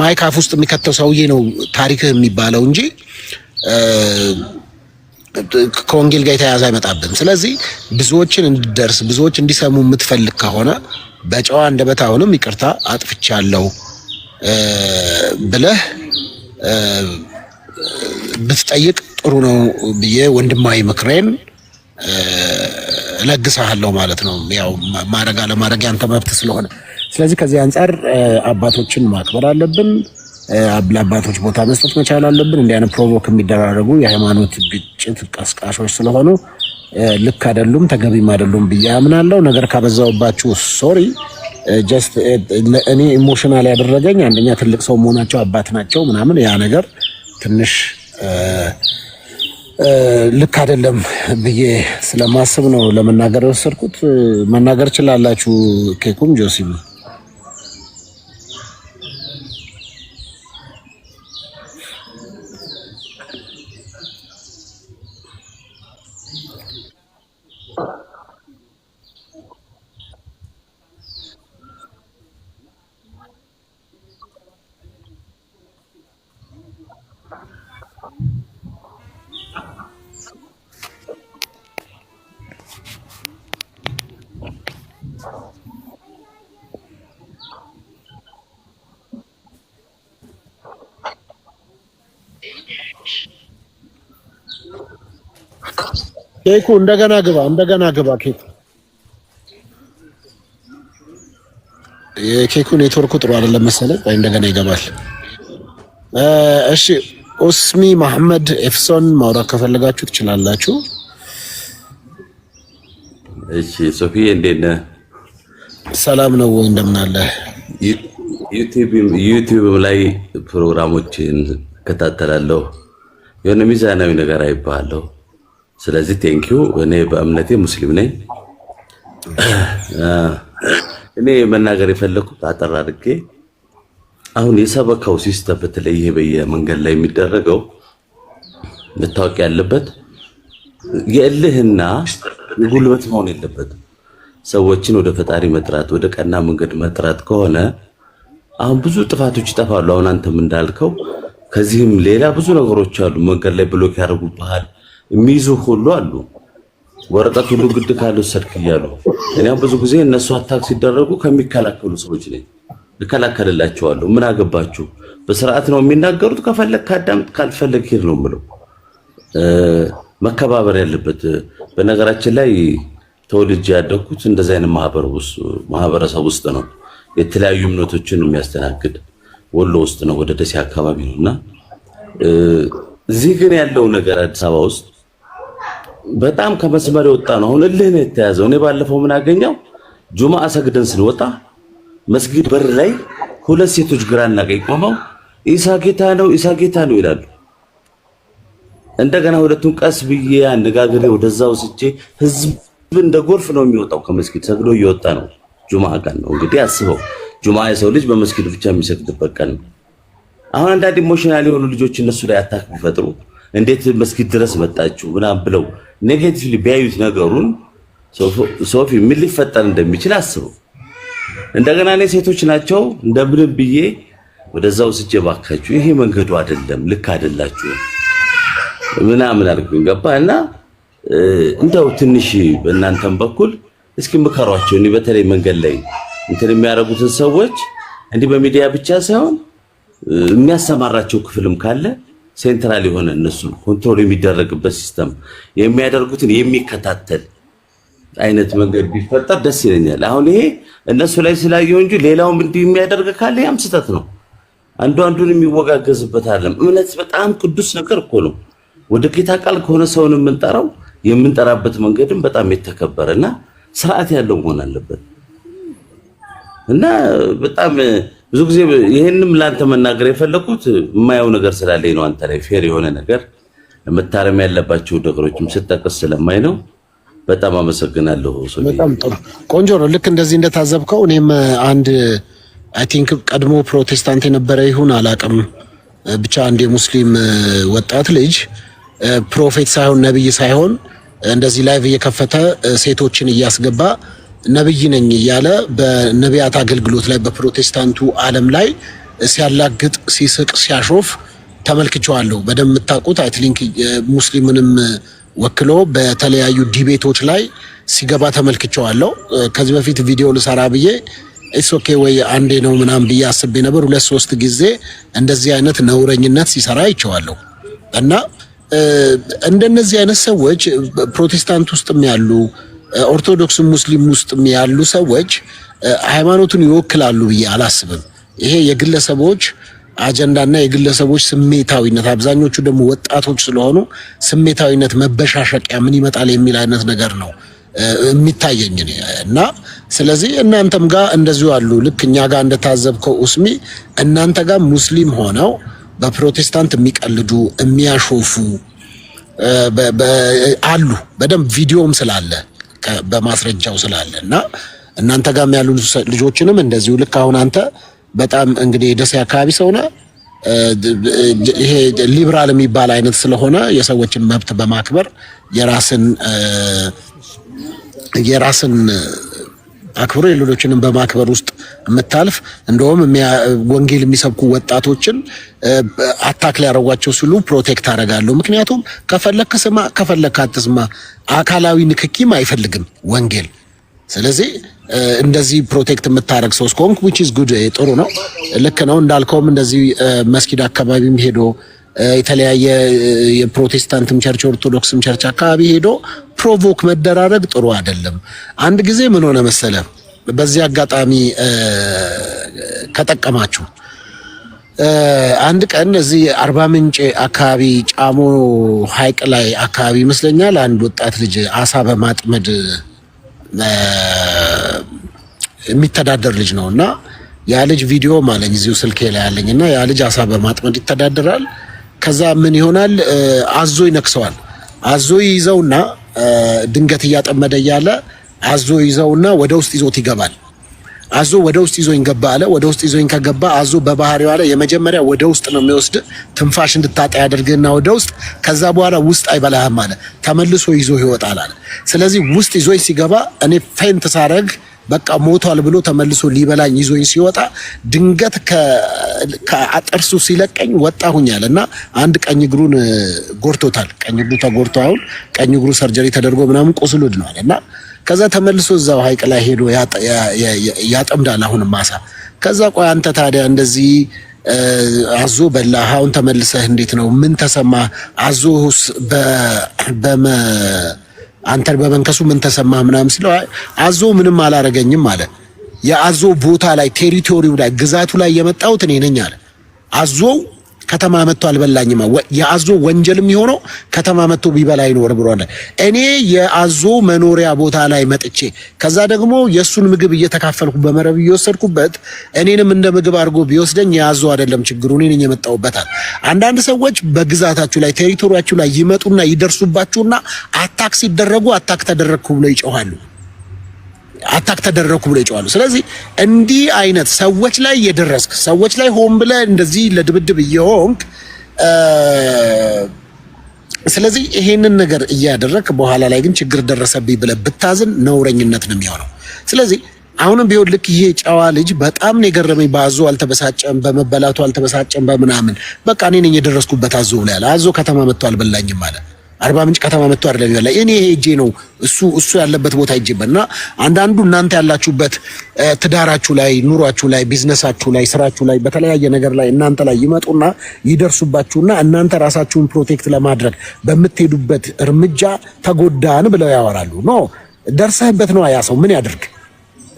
ማይክ አፍ ውስጥ የሚከተው ሰውዬ ነው ታሪክ የሚባለው እንጂ ከወንጌል ጋር የተያያዘ አይመጣብን። ስለዚህ ብዙዎችን እንዲደርስ ብዙዎች እንዲሰሙ የምትፈልግ ከሆነ በጨዋ አንደበት አሁንም ይቅርታ አጥፍቻለሁ ብለህ ብትጠይቅ ጥሩ ነው ብዬ ወንድማዊ ምክሬን እለግሳለሁ ማለት ነው። ያው ማድረግ አለማድረግ ያንተ መብት ስለሆነ ስለዚህ ከዚህ አንጻር አባቶችን ማክበር አለብን። ለአባቶች ቦታ መስጠት መቻል አለብን። እንዲህ አይነት ፕሮቮክ የሚደራረጉ የሃይማኖት ግጭት ቀስቃሾች ስለሆኑ ልክ አይደሉም፣ ተገቢም አይደሉም ብዬ አምናለሁ። ነገር ካበዛውባችሁ ሶሪ። ጀስት እኔ ኢሞሽናል ያደረገኝ አንደኛ ትልቅ ሰው መሆናቸው አባት ናቸው ምናምን፣ ያ ነገር ትንሽ ልክ አይደለም ብዬ ስለማስብ ነው ለመናገር የወሰድኩት። መናገር ችላላችሁ። ኬኩም ጆሲም ኬኩ እንደገና ግባ፣ እንደገና ግባ። ኬኩ የኬኩ ኔትወርኩ ጥሩ አይደለም መሰለኝ። ወይ እንደገና ይገባል። እሺ ኡስሚ መሐመድ ኤፍሶን ማውራት ከፈለጋችሁ ትችላላችሁ። እሺ ሶፊ እንዴት ነህ? ሰላም ነው ወይ? እንደምን አለ? ዩቲዩብ ላይ ፕሮግራሞችን እከታተላለሁ። የሆነ ሚዛናዊ ነገር አይባለሁ ስለዚህ ቴንኪዩ። እኔ በእምነቴ ሙስሊም ነኝ። እኔ መናገር የፈለግኩት አጠር አድርጌ አሁን የሰበካው ሲስተም በተለይ ይሄ በየመንገድ ላይ የሚደረገው መታወቅ ያለበት የእልህና የጉልበት መሆን የለበትም። ሰዎችን ወደ ፈጣሪ መጥራት፣ ወደ ቀና መንገድ መጥራት ከሆነ አሁን ብዙ ጥፋቶች ይጠፋሉ። አሁን አንተም እንዳልከው ከዚህም ሌላ ብዙ ነገሮች አሉ። መንገድ ላይ ብሎክ ያደርጉብሃል። የሚይዙ ሁሉ አሉ። ወረቀት ሁሉ ግድ ካልወሰድክ እያሉ እኔም ብዙ ጊዜ እነሱ አታክ ሲደረጉ ከሚከላከሉ ሰዎች ነኝ። እከላከልላቸዋለሁ። ምን አገባችሁ? በስርዓት ነው የሚናገሩት። ከፈለግ ከአዳምጥ፣ ካልፈለግ ሂድ ነው የምለው። መከባበር ያለበት በነገራችን ላይ ተወልጄ ያደግኩት እንደዚ አይነት ማህበረሰብ ውስጥ ነው። የተለያዩ እምነቶችን ነው የሚያስተናግድ። ወሎ ውስጥ ነው፣ ወደ ደሴ አካባቢ ነው እና እዚህ ግን ያለው ነገር አዲስ አበባ ውስጥ በጣም ከመስመር የወጣ ነው። አሁን እልህ ነው የተያዘው። እኔ ባለፈው ምን አገኘው ጁማ ሰግደን ስንወጣ መስጊድ በር ላይ ሁለት ሴቶች ግራና ቀኝ ቆመው ኢሳ ጌታ ነው፣ ኢሳ ጌታ ነው ይላሉ። እንደገና ሁለቱን ቀስ ብዬ አነጋግሬ ወደዛው ስቼ ህዝብ እንደ ጎርፍ ነው የሚወጣው ከመስጊድ ሰግዶ እየወጣ ነው። ጁማ ቀን ነው እንግዲህ አስበው። ጁማ የሰው ልጅ በመስጊድ ብቻ የሚሰግድበት ቀን ነው። አሁን አንዳንድ ኢሞሽናል የሆኑ ልጆች እነሱ ላይ አታክ ቢፈጥሩ እንዴት መስጊድ ድረስ መጣችሁ ምናምን ብለው ኔጌቲቭሊ ቢያዩት ነገሩን ሶፊ ምን ሊፈጠር እንደሚችል አስበው እንደገና እኔ ሴቶች ናቸው እንደምንም ብዬ ወደዛው ስጄ ባካችሁ ይሄ መንገዱ አይደለም፣ ልክ አይደላችሁ ምናምን አልኩኝ። ገባ እና እንደው ትንሽ በእናንተም በኩል እስኪ ምከሯቸው። እኔ በተለይ መንገድ ላይ እንትን የሚያደርጉትን ሰዎች እንዲህ በሚዲያ ብቻ ሳይሆን የሚያሰማራቸው ክፍልም ካለ ሴንትራል የሆነ እነሱ ኮንትሮል የሚደረግበት ሲስተም የሚያደርጉትን የሚከታተል አይነት መንገድ ቢፈጠር ደስ ይለኛል። አሁን ይሄ እነሱ ላይ ስላየው እንጂ ሌላውም እንዲህ የሚያደርግ ካለ ያም ስህተት ነው። አንዱ አንዱን የሚወጋገዝበት አለም። እምነት በጣም ቅዱስ ነገር እኮ ነው። ወደ ጌታ ቃል ከሆነ ሰውን የምንጠራው የምንጠራበት መንገድም በጣም የተከበረ እና ስርዓት ያለው መሆን አለበት እና በጣም ብዙ ጊዜ ይህንም ለአንተ መናገር የፈለኩት የማየው ነገር ስላለኝ ነው። አንተ ላይ ፌር የሆነ ነገር መታረም ያለባቸው ነገሮችም ስጠቀስ ስለማይ ነው። በጣም አመሰግናለሁ። በጣም ጥሩ ቆንጆ ነው። ልክ እንደዚህ እንደታዘብከው እኔም አንድ አይ ቲንክ ቀድሞ ፕሮቴስታንት የነበረ ይሁን አላቅም፣ ብቻ አንድ የሙስሊም ወጣት ልጅ ፕሮፌት ሳይሆን ነቢይ ሳይሆን እንደዚህ ላይቭ እየከፈተ ሴቶችን እያስገባ ነብይ ነኝ እያለ በነቢያት አገልግሎት ላይ በፕሮቴስታንቱ ዓለም ላይ ሲያላግጥ፣ ሲስቅ፣ ሲያሾፍ ተመልክቸዋለሁ። በደንብ የምታውቁት አይትሊንክ ሙስሊምንም ወክሎ በተለያዩ ዲቤቶች ላይ ሲገባ ተመልክቸዋለሁ። ከዚህ በፊት ቪዲዮ ልሰራ ብዬ ኢትስ ኦኬ ወይ አንዴ ነው ምናምን ብዬ አስቤ ነበር። ሁለት ሶስት ጊዜ እንደዚህ አይነት ነውረኝነት ሲሰራ አይቸዋለሁ እና እንደነዚህ አይነት ሰዎች ፕሮቴስታንት ውስጥም ያሉ ኦርቶዶክስ ሙስሊም ውስጥ ያሉ ሰዎች ሃይማኖቱን ይወክላሉ ብዬ አላስብም። ይሄ የግለሰቦች አጀንዳና የግለሰቦች ስሜታዊነት፣ አብዛኞቹ ደግሞ ወጣቶች ስለሆኑ ስሜታዊነት መበሻሸቂያ ምን ይመጣል የሚል አይነት ነገር ነው የሚታየኝ እና ስለዚህ እናንተም ጋር እንደዚሁ አሉ። ልክ እኛ ጋር እንደታዘብከው ኡስሚ፣ እናንተ ጋር ሙስሊም ሆነው በፕሮቴስታንት የሚቀልዱ የሚያሾፉ አሉ። በደንብ ቪዲዮም ስላለ በማስረጃው ስላለ እና እናንተ ጋም ያሉ ልጆችንም እንደዚሁ ልክ አሁን አንተ በጣም እንግዲህ የደሴ አካባቢ ሰው ነህ። ይሄ ሊብራል የሚባል አይነት ስለሆነ የሰዎችን መብት በማክበር የራስን የራስን አክብሮ የሌሎችንም በማክበር ውስጥ የምታልፍ እንደውም ወንጌል የሚሰብኩ ወጣቶችን አታክ ሊያደርጓቸው ሲሉ ፕሮቴክት አደርጋለሁ። ምክንያቱም ከፈለክ ስማ፣ ከፈለክ አትስማ። አካላዊ ንክኪም አይፈልግም ወንጌል። ስለዚህ እንደዚህ ፕሮቴክት የምታደረግ ሰው እስከሆንክ ዊች ኢዝ ጉድ ጥሩ ነው፣ ልክ ነው እንዳልከውም እንደዚህ መስጊድ አካባቢም ሄዶ የተለያየ የፕሮቴስታንትም ቸርች ኦርቶዶክስም ቸርች አካባቢ ሄዶ ፕሮቮክ መደራረግ ጥሩ አይደለም። አንድ ጊዜ ምን ሆነ መሰለ፣ በዚህ አጋጣሚ ከጠቀማችሁ አንድ ቀን እዚህ አርባ ምንጭ አካባቢ ጫሞ ሐይቅ ላይ አካባቢ ይመስለኛል አንድ ወጣት ልጅ አሳ በማጥመድ የሚተዳደር ልጅ ነው እና ያ ልጅ ቪዲዮ ማለኝ እዚሁ ስልኬ ላይ ያለኝ እና ያ ልጅ አሳ በማጥመድ ይተዳደራል። ከዛ ምን ይሆናል አዞ ይነክሰዋል። አዞ ይዘውና ድንገት እያጠመደ እያለ አዞ ይዘውና ወደ ውስጥ ይዞት ይገባል። አዞ ወደ ውስጥ ይዞኝ ገባ አለ። ወደ ውስጥ ይዞኝ ከገባ አዞ በባህሪው አለ የመጀመሪያ ወደ ውስጥ ነው የሚወስድ፣ ትንፋሽ እንድታጣ ያደርግና ወደ ውስጥ። ከዛ በኋላ ውስጥ አይበላህም አለ። ተመልሶ ይዞ ይወጣል አለ። ስለዚህ ውስጥ ይዞኝ ሲገባ እኔ ፌንት ሳረግ በቃ ሞቷል ብሎ ተመልሶ ሊበላኝ ይዞኝ ሲወጣ ድንገት ከአጥርሱ ሲለቀኝ ወጣሁኝ አለ እና አንድ ቀኝ እግሩን ጎርቶታል። ቀኝ እግሩ ተጎርቶ አሁን ቀኝ እግሩ ሰርጀሪ ተደርጎ ምናምን ቁስሉ ድነዋል እና ከዛ ተመልሶ እዛው ሀይቅ ላይ ሄዶ ያጠምዳል አሁንም ማሳ። ከዛ ቆይ አንተ ታዲያ እንደዚህ አዞ በላ አሁን ተመልሰህ እንዴት ነው? ምን ተሰማ አዞ አንተን በመንከሱ ምን ተሰማህ ምናምን ስለው አዞ ምንም አላረገኝም አለ። የአዞ ቦታ ላይ ቴሪቶሪው ላይ ግዛቱ ላይ የመጣሁት እኔ ነኝ አለ። አዞው ከተማ መጥቶ አልበላኝም የአዞ ወንጀልም የሚሆነው ከተማ መጥቶ ቢበላ ይኖር ብሏል። እኔ የአዞ መኖሪያ ቦታ ላይ መጥቼ ከዛ ደግሞ የእሱን ምግብ እየተካፈልኩ በመረብ እየወሰድኩበት እኔንም እንደ ምግብ አድርጎ ቢወስደኝ የአዞ አይደለም ችግሩ፣ እኔ ነኝ የመጣሁበታል። አንዳንድ ሰዎች በግዛታችሁ ላይ ቴሪቶሪያችሁ ላይ ይመጡና ይደርሱባችሁና አታክ ሲደረጉ አታክ ተደረግኩ ብለው ይጨዋሉ። አታክ ተደረኩ ብሎ ይጮዋሉ። ስለዚህ እንዲህ አይነት ሰዎች ላይ የደረስክ ሰዎች ላይ ሆን ብለህ እንደዚህ ለድብድብ እየሆንክ ስለዚህ ይሄንን ነገር እያደረግክ በኋላ ላይ ግን ችግር ደረሰብኝ ብለህ ብታዝን ነውረኝነት ነው የሚሆነው። ስለዚህ አሁንም ቢሆን ልክ ይሄ ጨዋ ልጅ በጣም ነው የገረመኝ። በአዞ አልተበሳጨም፣ በመበላቱ አልተበሳጨም፣ በምናምን በቃ እኔ ነኝ የደረስኩበት አዞ ብሎ ያለ አዞ ከተማ መጥቶ አልበላኝም ማለት አርባ ምንጭ ከተማ መጥቶ አይደለም ይበላ እኔ ሄጄ ነው እሱ እሱ ያለበት ቦታ ሄጄበት እና አንዳንዱ እናንተ ያላችሁበት ትዳራችሁ ላይ ኑሯችሁ ላይ ቢዝነሳችሁ ላይ ስራችሁ ላይ በተለያየ ነገር ላይ እናንተ ላይ ይመጡና ይደርሱባችሁና እናንተ ራሳችሁን ፕሮቴክት ለማድረግ በምትሄዱበት እርምጃ ተጎዳን ብለው ያወራሉ። ኖ ደርሰህበት ነው ያ ሰው ምን ያድርግ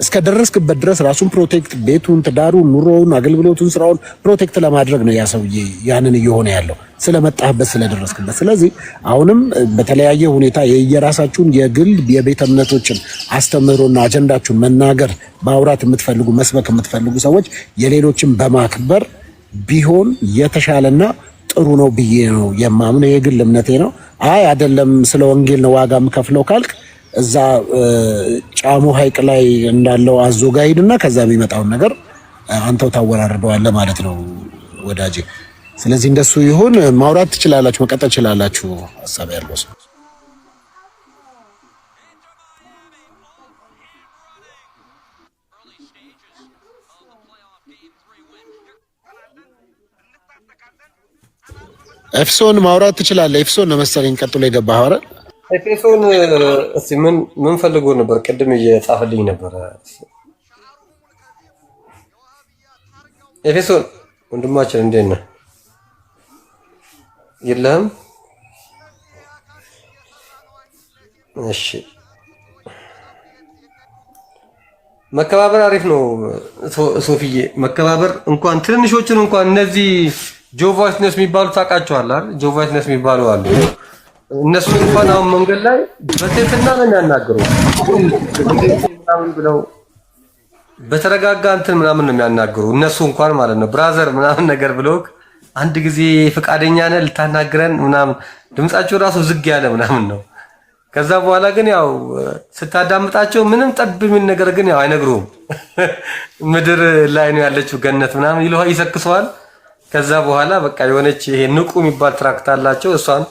እስከደረስክበት ድረስ ራሱን ፕሮቴክት ቤቱን፣ ትዳሩን፣ ኑሮውን፣ አገልግሎቱን፣ ስራውን ፕሮቴክት ለማድረግ ነው ያ ሰውዬ ያንን እየሆነ ያለው ስለመጣህበት፣ ስለደረስክበት። ስለዚህ አሁንም በተለያየ ሁኔታ የየራሳችሁን የግል የቤተ እምነቶችን አስተምህሮና አጀንዳችሁን መናገር ማውራት የምትፈልጉ መስበክ የምትፈልጉ ሰዎች የሌሎችን በማክበር ቢሆን የተሻለና ጥሩ ነው ብዬ ነው የማምነው። የግል እምነቴ ነው። አይ አይደለም ስለ ወንጌል ነው ዋጋ የምከፍለው ካልክ እዛ ጫሙ ሀይቅ ላይ እንዳለው አዞ ጋር ሂድና ከዛ የሚመጣውን ነገር አንተው ታወራርደዋለህ ማለት ነው ወዳጄ። ስለዚህ እንደሱ ይሁን። ማውራት ትችላላችሁ፣ መቀጠል ትችላላችሁ። ሀሳብ ያለው ሰው ኤፍሶን ማውራት ትችላለህ። ኤፍሶን ነው መሰለኝ ቀጥሎ የገባህ አይደል? ኤፌሶን እስቲ ምን ምን ፈልጎ ነበር? ቅድም እየጻፈልኝ ነበረ። ኤፌሶን ወንድማችን እንዴት ነህ? የለህም? እሺ፣ መከባበር አሪፍ ነው። ሶፊዬ መከባበር እንኳን ትንንሾችን እንኳን እነዚህ ጆቫይስነስ የሚባሉ ታውቃቸዋለህ አይደል? ጆቫይስነስ የሚባሉ አሉ እነሱ እንኳን አሁን መንገድ ላይ በትህትና ነው የሚያናግሩ ምናምን ብለው በተረጋጋ እንትን ምናምን ነው የሚያናግሩ። እነሱ እንኳን ማለት ነው ብራዘር ምናምን ነገር ብለው አንድ ጊዜ ፈቃደኛ ነህ ልታናግረን ምናምን ድምጻቸው ራሱ ዝግ ያለ ምናምን ነው። ከዛ በኋላ ግን ያው ስታዳምጣቸው ምንም ጠብ የሚል ነገር ግን ያው አይነግሩም። ምድር ላይ ነው ያለችው ገነት ምናምን ይሰክሰዋል። ከዛ በኋላ በቃ የሆነች ይሄ ንቁ የሚባል ትራክት አላቸው እሷን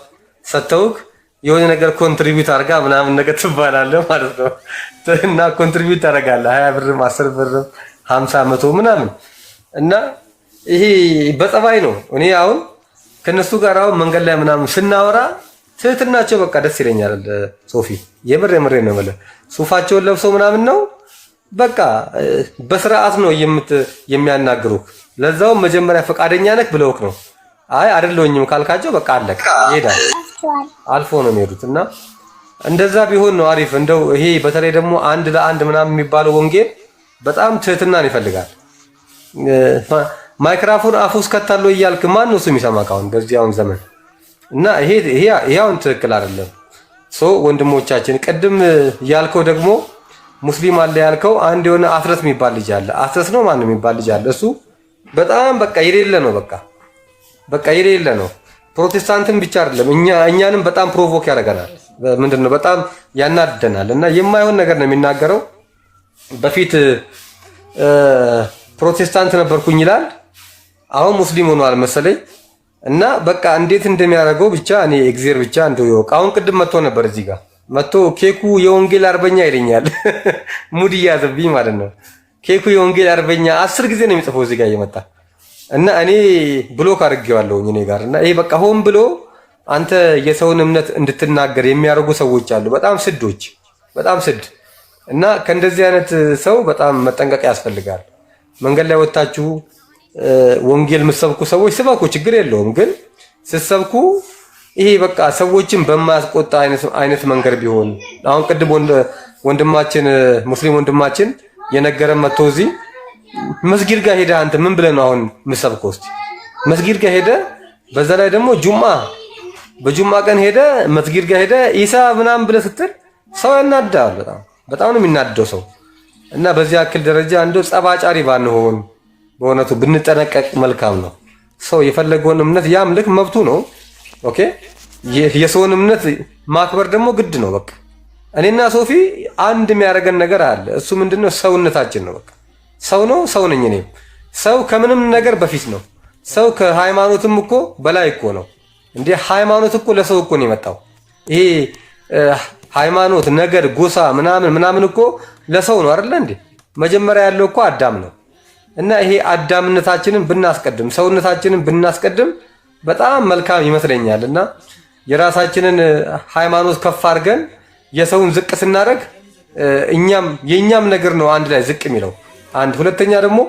ሰጥተውክ የሆነ ነገር ኮንትሪቢዩት አድርጋ ምናምን ነገር ትባላለህ ማለት ነው። እና ኮንትሪቢዩት ታደርጋለህ ሀያ ብርም አስር ብርም ሀምሳ መቶ ምናምን እና ይሄ በጠባይ ነው። እኔ አሁን ከነሱ ጋር አሁን መንገድ ላይ ምናምን ስናወራ ትህትናቸው በቃ ደስ ይለኛል። ሶፊ የምር የምሬ ነው የምልህ ሱፋቸውን ለብሰው ምናምን ነው በቃ በስርዓት ነው የሚያናግሩክ። ለዛውም መጀመሪያ ፈቃደኛ ነክ ብለውክ ነው አይ አይደለሁኝም ካልካቸው በቃ አለቅ ይሄዳል። አልፎ ነው የሚሄዱት እና እንደዛ ቢሆን ነው አሪፍ። እንደው ይሄ በተለይ ደግሞ አንድ ለአንድ ምናምን የሚባለው ወንጌል በጣም ትህትናን ይፈልጋል። ማይክራፎን አፉ ውስጥ እያልክ ማን ነው እሱ የሚሰማ ካሁን በዚህ አሁን ዘመን እና ይሄ ይሄ አሁን ትክክል አይደለም። ሶ ወንድሞቻችን ቅድም ያልከው ደግሞ ሙስሊም አለ ያልከው አንድ የሆነ አስረት የሚባል ልጅ አለ። አስረት ነው ማነው የሚባል ልጅ አለ። እሱ በጣም በቃ የሌለ ነው። በቃ በቃ የሌለ ነው። ፕሮቴስታንትን ብቻ አይደለም እኛ እኛንም በጣም ፕሮቮክ ያደርገናል። ምንድን ነው በጣም ያናደናል እና የማይሆን ነገር ነው የሚናገረው። በፊት ፕሮቴስታንት ነበርኩኝ ይላል፣ አሁን ሙስሊም ሆኗል መሰለኝ። እና በቃ እንዴት እንደሚያደርገው ብቻ እኔ እግዜር ብቻ እንደው ይወቅ። አሁን ቅድም መጥቶ ነበር እዚህ ጋር መጥቶ ኬኩ የወንጌል አርበኛ ይለኛል። ሙድ እያዘብኝ ማለት ነው። ኬኩ የወንጌል አርበኛ አስር ጊዜ ነው የሚጽፈው እዚህ ጋር እየመጣ እና እኔ ብሎክ አድርጌዋለሁኝ እኔ ጋር እና ይሄ በቃ ሆን ብሎ አንተ የሰውን እምነት እንድትናገር የሚያደርጉ ሰዎች አሉ። በጣም ስዶች፣ በጣም ስድ እና ከእንደዚህ አይነት ሰው በጣም መጠንቀቅ ያስፈልጋል። መንገድ ላይ ወጥታችሁ ወንጌል የምትሰብኩ ሰዎች ስበኩ፣ ችግር የለውም ግን ስትሰብኩ ይሄ በቃ ሰዎችን በማያስቆጣ አይነት መንገድ ቢሆን አሁን ቅድም ወንድማችን ሙስሊም ወንድማችን የነገረን መጥቶ እዚህ መስጊድ ጋር ሄደ አንተ ምን ብለህ ነው አሁን የምትሰብከው? እስኪ መስጊድ ጋር ሄደ፣ በዛ ላይ ደግሞ ጁማ በጁማ ቀን ሄደ መስጊድ ጋር ሄደ ኢሳ ምናምን ብለህ ስትል ሰው ያናዳል። በጣም በጣም ነው የሚናደው ሰው እና በዚህ አክል ደረጃ እንደው ጸባጫሪ ባንሆን በእውነቱ ብንጠነቀቅ መልካም ነው። ሰው የፈለገውን እምነት ያምልክ መብቱ ነው። ኦኬ የሰውን እምነት ማክበር ደግሞ ግድ ነው። በቃ እኔና ሶፊ አንድ የሚያደርገን ነገር አለ። እሱ ምንድነው? ሰውነታችን ነው በቃ ሰው ነው። ሰው ነኝ እኔም። ሰው ከምንም ነገር በፊት ነው። ሰው ከሃይማኖትም እኮ በላይ እኮ ነው። እንደ ሃይማኖት እኮ ለሰው እኮ ነው የመጣው። ይሄ ሃይማኖት፣ ነገድ፣ ጎሳ ምናምን ምናምን እኮ ለሰው ነው አይደለ እንዴ? መጀመሪያ ያለው እኮ አዳም ነው። እና ይሄ አዳምነታችንን ብናስቀድም ሰውነታችንን ብናስቀድም በጣም መልካም ይመስለኛል። እና የራሳችንን ሃይማኖት ከፍ አድርገን የሰውን ዝቅ ስናደርግ እኛም የእኛም ነገር ነው አንድ ላይ ዝቅ የሚለው አንድ ሁለተኛ ደግሞ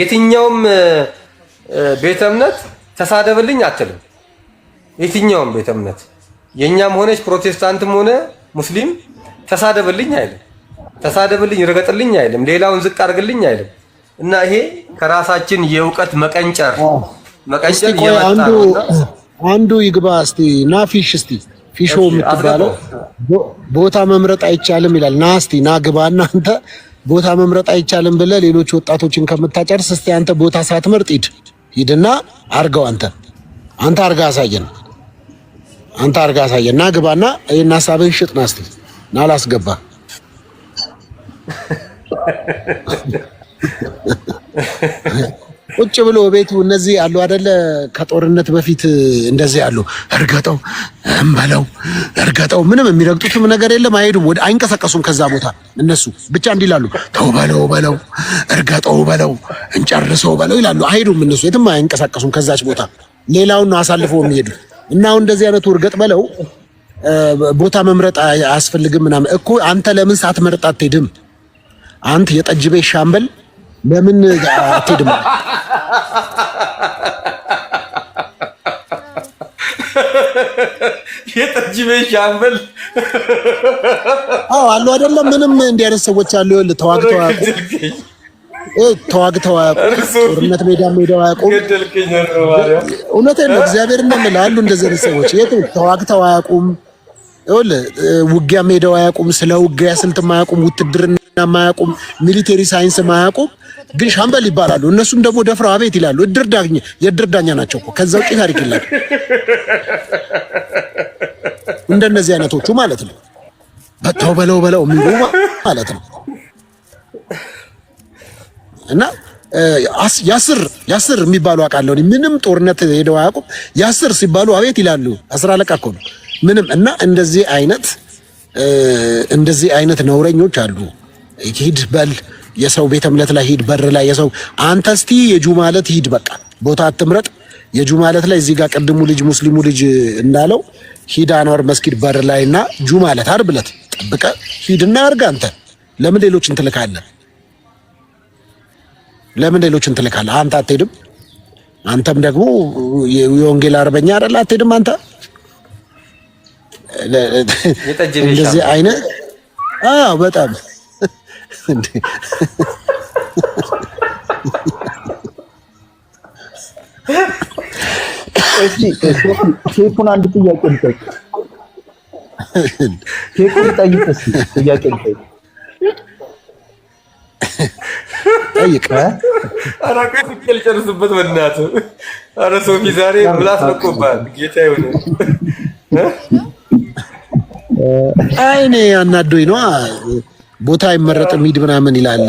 የትኛውም ቤተ እምነት ተሳደብልኝ አትልም። የትኛውም ቤተ እምነት የእኛም ሆነች ፕሮቴስታንትም ሆነ ሙስሊም ተሳደብልኝ አይልም። ተሳደብልኝ፣ ረገጥልኝ አይልም። ሌላውን ዝቅ አድርግልኝ አይልም። እና ይሄ ከራሳችን የእውቀት መቀንጨር መቀንጨር የመጣ አንዱ ይግባ። እስቲ ና ፊሽ፣ እስቲ ፊሾ የምትባለው ቦታ መምረጥ አይቻልም ይላል። ና እስቲ ና ግባ እናንተ ቦታ መምረጥ አይቻልም ብለህ ሌሎች ወጣቶችን ከምታጨርስ እስቲ አንተ ቦታ ሳትመርጥ ሂድ ሂድና አርገው አንተ አንተ አርጋ አሳየን አንተ አርጋ አሳየና ግባና ይህን ሀሳብህን ሽጥና እስቲ ና ላስገባ ቁጭ ብሎ ቤቱ እነዚህ አሉ አደለ? ከጦርነት በፊት እንደዚህ አሉ። እርገጠው እንበለው እርገጠው ምንም የሚረግጡትም ነገር የለም። አይሄዱም፣ ወደ አይንቀሳቀሱም ከዛ ቦታ እነሱ ብቻ እንዲላሉ ተው በለው በለው እርገጠው በለው እንጨርሰው በለው ይላሉ። አይሄዱም እነሱ የትም አይንቀሳቀሱም ከዛች ቦታ። ሌላውን ነው አሳልፈው የሚሄዱ እና አሁን እንደዚህ አይነቱ እርገጥ በለው ቦታ መምረጥ አያስፈልግም ምናምን እኮ አንተ ለምን ሳትመርጥ አትሄድም? አንተ የጠጅ ቤት ሻምበል ለምን አትሄድም? የጠጅ ቤት ሻምበል አሉ አይደለም? ምንም እንዲህ አይነት ሰዎች አሉ። ይኸውልህ ተዋግተው አያውቁም፣ ተዋግተው አያውቁም፣ ጦርነት ሜዳ ሜዳው አያውቁም። እውነቴን ነው፣ እግዚአብሔር እንደምልህ አሉ እንደዚህ አይነት ሰዎች የት ተዋግተው አያውቁም። ይኸውልህ ውጊያ ሜዳው አያውቁም፣ ስለ ውጊያ ስልት አያውቁም፣ ውትድርና አያውቁም፣ ሚሊቴሪ ሳይንስ አያውቁም። ግን ሻምበል ይባላሉ። እነሱም ደግሞ ደፍራ አቤት ይላሉ። እድር ዳኛ የእድር ዳኛ ናቸው እኮ ከዛ ውጭ ታሪክ ይላል። እንደነዚህ አይነቶቹ ማለት ነው። በታው በለው በለው የሚሉ ማለት ነው። እና ያስር ያስር የሚባሉ አውቃለሁ። ምንም ጦርነት ሄደው አያውቁም። ያስር ሲባሉ አቤት ይላሉ። አስር አለቃ እኮ ነው ምንም። እና እንደዚህ አይነት እንደዚህ አይነት ነውረኞች አሉ። ሂድ በል የሰው ቤተ እምነት ላይ ሂድ፣ በር ላይ የሰው አንተ እስቲ የጁማ ዕለት ሂድ፣ በቃ ቦታ አትምረጥ። የጁማ ዕለት ላይ እዚህ ጋር ቅድሙ ልጅ ሙስሊሙ ልጅ እንዳለው ሂድ አንዋር መስጊድ በር ላይና ጁማ ዕለት ዓርብ ዕለት ጠብቀ ሂድና አርግ። አንተ ለምን ሌሎች እንትልካለህ? ለምን ሌሎች እንትልካለህ? አንተ አትሄድም? አንተም ደግሞ የወንጌል አርበኛ አይደል? አትሄድም አንተ እንደዚህ አይነት አዎ፣ በጣም ኬኩን አንድ ጥያቄ ልጠይቅ። ኬኩን ጠይቅ እስኪ ጥያቄ ልጠይቅ። ጠይቅ አራቆት ልጨርስበት። በእናትህ ኧረ ሶፊ ዛሬ ምላስ ለቆብሃል። ጌታ ይሁን። አይ አናዶኝ ነዋ ቦታ አይመረጥም ሂድ ምናምን ይላል።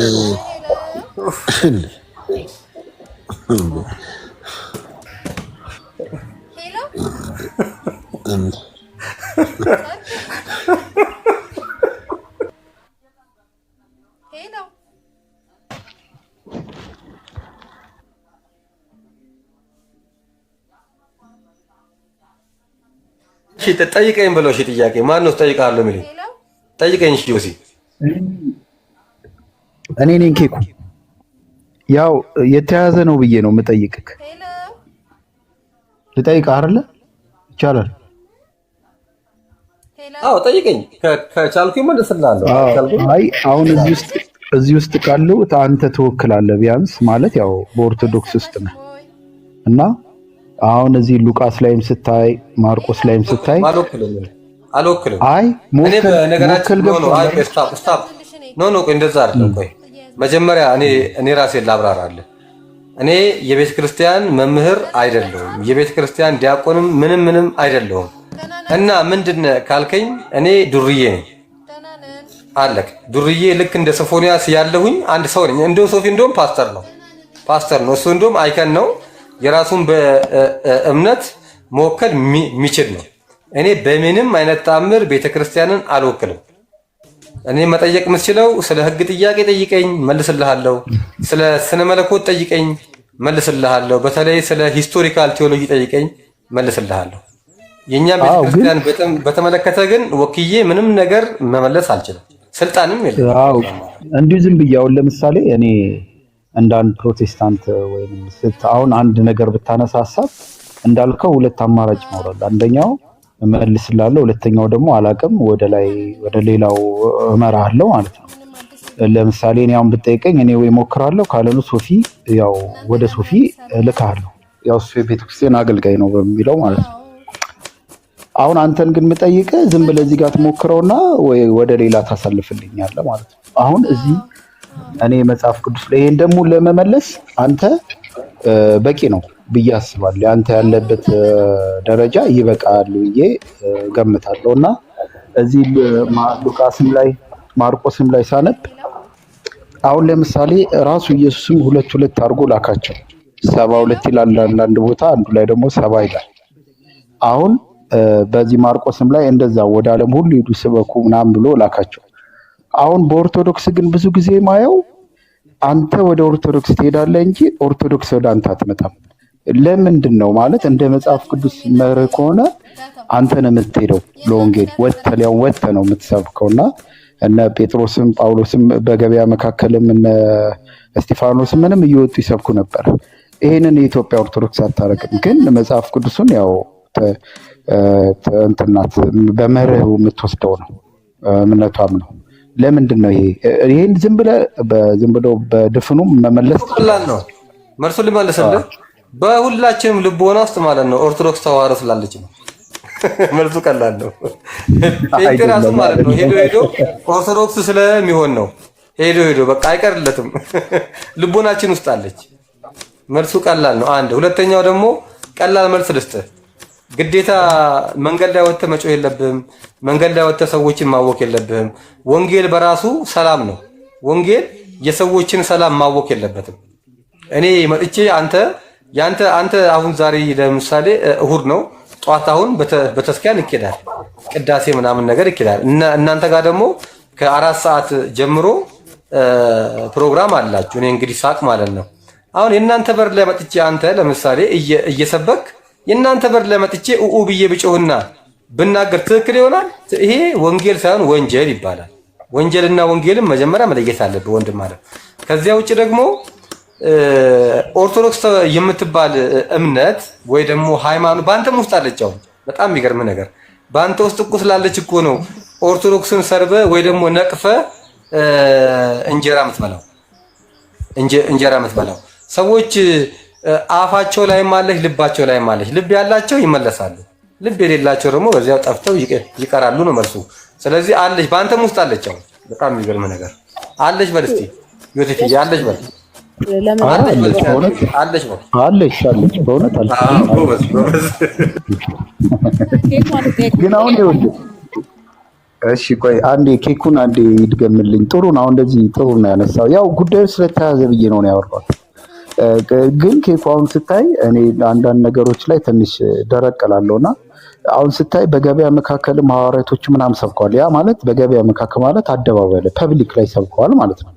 ጠይቀኝ ብለው ጥያቄ ማን ነው? ጠይቃለሁ የሚለኝ ጠይቀኝ ሲ እኔ ነኝ ኬኩ። ያው የተያዘ ነው ብዬ ነው የምጠይቅክ። ልጠይቅ አይደለ? ይቻላል? አዎ ጠይቀኝ፣ ከቻልኩ እመልስልሃለሁ። አይ አሁን እዚህ ውስጥ እዚህ ውስጥ ካለው አንተ ትወክላለህ። ቢያንስ ማለት ያው በኦርቶዶክስ ውስጥ ነህ እና አሁን እዚህ ሉቃስ ላይም ስታይ ማርቆስ ላይም ስታይ አልወክልም። አይ ነው አይ ስታፕ ስታፕ ኖ ኖ እንደዛ አይደለም። ቆይ መጀመሪያ እኔ እኔ ራሴ ላብራራለሁ። እኔ የቤተ ክርስቲያን መምህር አይደለሁም፣ የቤተ ክርስቲያን ዲያቆንም ምንም ምንም አይደለሁም። እና ምንድን ካልከኝ እኔ ዱርዬ ነኝ። አለቅ ዱርዬ ልክ እንደ ሶፎንያስ ያለሁኝ አንድ ሰው ነኝ። እንደውም ሶፊ እንደውም ፓስተር ነው ፓስተር ነው እሱ እንደውም አይከን ነው የራሱን በእምነት መወከል የሚችል ነው እኔ በምንም አይነት ታምር ቤተክርስቲያንን አልወክልም። እኔ መጠየቅ የምትችለው ስለ ህግ ጥያቄ ጠይቀኝ መልስልሃለሁ። ስለ ስነ መለኮት ጠይቀኝ መልስልሃለሁ። በተለይ ስለ ሂስቶሪካል ቴዎሎጂ ጠይቀኝ መልስልሃለሁ። የእኛ ቤተክርስቲያን በተመለከተ ግን ወክዬ ምንም ነገር መመለስ አልችልም፣ ስልጣንም የለም። እንዲሁ ዝም ብዬ አሁን ለምሳሌ እኔ እንደ አንድ ፕሮቴስታንት ወይም አሁን አንድ ነገር ብታነሳሳት እንዳልከው ሁለት አማራጭ ይኖራል። አንደኛው እመልስላለሁ። ሁለተኛው ደግሞ አላቅም ወደ ላይ ወደ ሌላው እመራለሁ ማለት ነው። ለምሳሌ እኔ አሁን ብጠይቀኝ እኔ ወይ ሞክራለሁ ካለኑ ሶፊ ያው ወደ ሶፊ ልካለሁ። ያው እሱ የቤተክርስቲያን አገልጋይ ነው በሚለው ማለት ነው። አሁን አንተን ግን ምጠይቀ ዝም ብለህ እዚህ ጋር ትሞክረውና ወይ ወደ ሌላ ታሳልፍልኛለህ ማለት ነው። አሁን እዚህ እኔ መጽሐፍ ቅዱስ ላይ ይሄን ደግሞ ለመመለስ አንተ በቂ ነው ብዬ አስባለሁ። አንተ ያለበት ደረጃ ይበቃል ብዬ ገምታለሁ እና እዚህ ሉቃስም ላይ ማርቆስም ላይ ሳነብ አሁን ለምሳሌ ራሱ ኢየሱስም ሁለት ሁለት አድርጎ ላካቸው። ሰባ ሁለት ይላል አንዳንድ ቦታ፣ አንዱ ላይ ደግሞ ሰባ ይላል። አሁን በዚህ ማርቆስም ላይ እንደዛ ወደ ዓለም ሁሉ ሂዱ ስበኩ ምናምን ብሎ ላካቸው። አሁን በኦርቶዶክስ ግን ብዙ ጊዜ ማየው አንተ ወደ ኦርቶዶክስ ትሄዳለህ እንጂ ኦርቶዶክስ ወደ አንተ አትመጣም። ለምንድን ነው ማለት እንደ መጽሐፍ ቅዱስ መርህ ከሆነ አንተ ነው የምትሄደው ለወንጌል ወጥተ ወተ ወጥተ ነው የምትሰብከው እና እነ ጴጥሮስም ጳውሎስም በገበያ መካከልም እነ እስጢፋኖስም ምንም እየወጡ ይሰብኩ ነበር። ይሄንን የኢትዮጵያ ኦርቶዶክስ አታረቅም ግን መጽሐፍ ቅዱሱን ያው እንትናት በመርህ የምትወስደው ነው እምነቷም ነው። ለምንድን ነው ይሄ ይሄን ዝም ብለህ ዝም ብለው በድፍኑ መመለስ ነው። መልሱን ልመልስልህ በሁላችንም ልቦና ውስጥ ማለት ነው ኦርቶዶክስ ተዋህዶ ስላለች ነው። መልሱ ቀላል ነው። ራሱ ማለት ነው ሄዶ ሄዶ ኦርቶዶክስ ስለሚሆን ነው። ሄዶ ሄዶ በቃ አይቀርለትም፣ ልቦናችን ውስጥ አለች። መልሱ ቀላል ነው። አንድ ሁለተኛው ደግሞ ቀላል መልስ ልስጥ። ግዴታ መንገድ ላይ ወጥተህ መጮህ የለብህም። መንገድ ላይ ወጥተህ ሰዎችን ማወክ የለብህም። ወንጌል በራሱ ሰላም ነው። ወንጌል የሰዎችን ሰላም ማወክ የለበትም። እኔ መጥቼ አንተ ያንተ አንተ አሁን ዛሬ ለምሳሌ እሁድ ነው ጧት አሁን በተስኪያን ይኬዳል ቅዳሴ ምናምን ነገር ይኬዳል። እናንተ ጋር ደግሞ ከአራት ሰዓት ጀምሮ ፕሮግራም አላችሁ። እኔ እንግዲህ ሳቅ ማለት ነው። አሁን የእናንተ በር ላይ መጥቼ አንተ ለምሳሌ እየሰበክ የእናንተ በር ላይ መጥቼ ኡኡ ብዬ ብጮህና ብናገር ትክክል ይሆናል? ይሄ ወንጌል ሳይሆን ወንጀል ይባላል። ወንጀልና ወንጌልም መጀመሪያ መለየት አለብህ ወንድም ማለት ከዚያ ውጭ ደግሞ ኦርቶዶክስ የምትባል እምነት ወይ ደግሞ ሃይማኖት በአንተም ውስጥ አለች። አሁን በጣም የሚገርም ነገር በአንተ ውስጥ እኮ ስላለች እኮ ነው ኦርቶዶክስን ሰርበ ወይ ደግሞ ነቅፈ እንጀራ ምትበላው እንጀራ ምትበላው ሰዎች አፋቸው ላይም አለች፣ ልባቸው ላይም አለች። ልብ ያላቸው ይመለሳሉ፣ ልብ የሌላቸው ደግሞ በዚያው ጠፍተው ይቀራሉ ነው መልሱ። ስለዚህ አለች፣ በአንተም ውስጥ አለች። አሁን በጣም የሚገርም ነገር አለች። በል እስኪ ዮቴፍ አለች በል አለች በእውነት ግን አሁን ይኸውልህ፣ እሺ ቆይ አንዴ ኬኩን አንዴ ይድገምልኝ። ጥሩ ነው። እንደዚህ ጥሩ ነው ያነሳው። ያው ጉዳዩ ስለተያዘ ብዬ ነው ያወራሁት። ግን ኬኩ አሁን ስታይ እኔ አንዳንድ ነገሮች ላይ ትንሽ ደረቅ እላለሁ እና አሁን ስታይ በገበያ መካከል ሐዋርያቶች ምናምን ሰብከዋል። ያ ማለት በገበያ መካከል ማለት አደባባይ ላይ ፐብሊክ ላይ ሰብከዋል ማለት ነው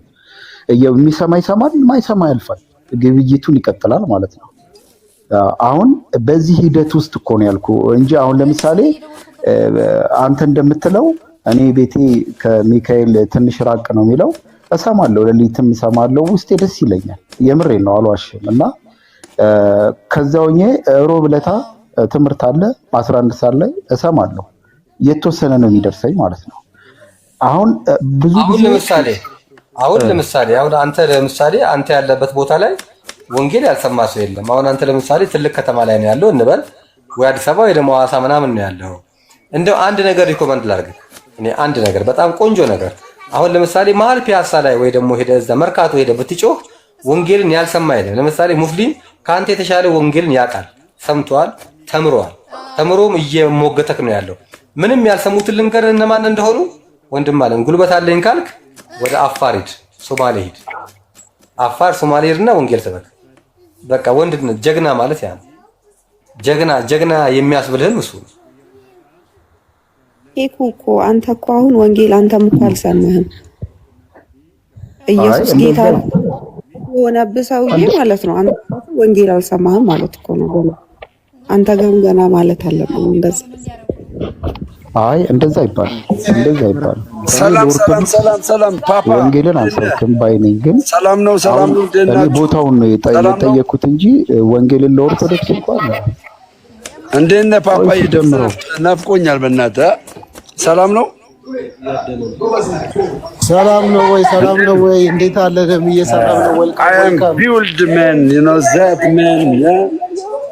የሚሰማ ይሰማል፣ ማይሰማ ያልፋል። ግብይቱን ይቀጥላል ማለት ነው። አሁን በዚህ ሂደት ውስጥ እኮ ነው ያልኩ እንጂ አሁን ለምሳሌ አንተ እንደምትለው እኔ ቤቴ ከሚካኤል ትንሽ ራቅ ነው የሚለው እሰማለሁ፣ ሌሊትም እሰማለሁ። ውስጤ ደስ ይለኛል። የምሬ ነው አልዋሽም። እና ሆኜ ሮብ ዕለት ትምህርት አለ 11 ሰዓት ላይ እሰማለሁ። የተወሰነ ነው የሚደርሰኝ ማለት ነው። አሁን ብዙ ጊዜ አሁን ለምሳሌ አሁን አንተ ለምሳሌ አንተ ያለበት ቦታ ላይ ወንጌል ያልሰማ ሰው የለም። አሁን አንተ ለምሳሌ ትልቅ ከተማ ላይ ነው ያለው እንበል፣ ወይ አዲስ አበባ ወይ ደግሞ ሐዋሳ ምናምን ነው ያለው። እንደው አንድ ነገር ሪኮመንድ ላድርግ እኔ አንድ ነገር በጣም ቆንጆ ነገር። አሁን ለምሳሌ መሀል ፒያሳ ላይ ወይ ደግሞ ሄደ እዛ መርካቶ ሄደ ብትጮህ ወንጌልን ያልሰማ የለም። ለምሳሌ ሙስሊም ከአንተ የተሻለ ወንጌልን ያውቃል፣ ሰምቷል፣ ተምሯል። ተምሮም እየሞገተክ ነው ያለው። ምንም ያልሰሙትን ልንገር እነማን እንደሆኑ ወንድም አለን። ጉልበት አለኝ ካልክ ወደ አፋር ሂድ፣ ሶማሌ ሂድ፣ አፋር ሶማሌ ሂድና ወንጌል ስበክ። በቃ ወንድ ጀግና ማለት ያ ነው። ጀግና ጀግና የሚያስብልህም እሱ ነው። እኮ አንተ እኮ አሁን ወንጌል አንተም እኮ አልሰማህም። ኢየሱስ ጌታ የሆነብህ ሰውዬ ማለት ነው። አንተ ወንጌል አልሰማህም ማለት እኮ ነው። አንተ ገና ማለት አለብህ እንደዚህ አይ እንደዛ ይባል እንደዛ ይባል። ሰላም ሰላም ሰላም ሰላም ፓፓ ወንጌልን አንሰብክም ባይነኝ ግን ሰላም ነው፣ ሰላም ነው። እኔ ቦታውን ነው የጠየኩት እንጂ ወንጌልን ለኦርቶዶክስ እንኳን እንዴት ነህ ፓፓ? ይደምሩ ናፍቆኛል። በእናትህ ሰላም ነው፣ ሰላም ነው ወይ? ሰላም ነው ወይ? እንዴት አለ ደምዬ? ሰላም ነው ወይ? አይ ቢውልድ ማን ዩ ኖ ዛት ማን ያ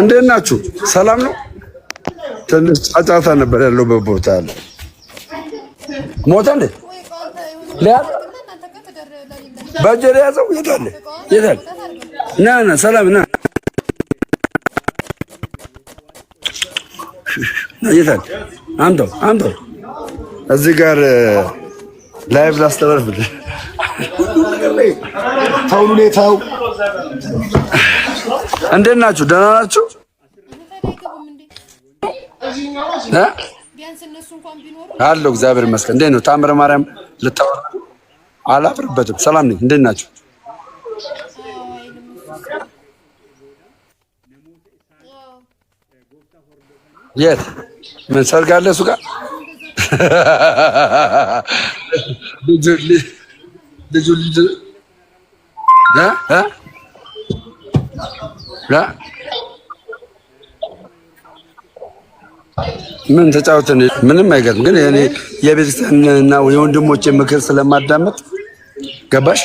እንዴት ናችሁ? ሰላም ነው። ትንሽ ጫጫታ ነበር ያለው በቦታ ያለ ሞተ እንዴ በጀር ያዘው ና ና ሰላም ና አምጣው አምጣው እዚህ ጋር ላይቭ ላስተላልፍልህ ላይ ተውን፣ ሁኔታው እንዴት ናችሁ? ደህና ናችሁ? አለሁ እግዚአብሔር ይመስገን። እንዴት ነው ታምረ ማርያም? ልታወራ አላፍርበትም። ሰላም ነኝ። እንዴት ናችሁ? የት ምን ሰርግ አለ እሱ ጋር ልጁ ልጅ ምን ተጫውተን ምንም አይገርም። ግን እኔ የቤተክርስቲያን እና የወንድሞች ምክር ስለማዳመጥ ገባሽ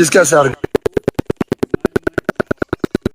ዲስከስ አድርገን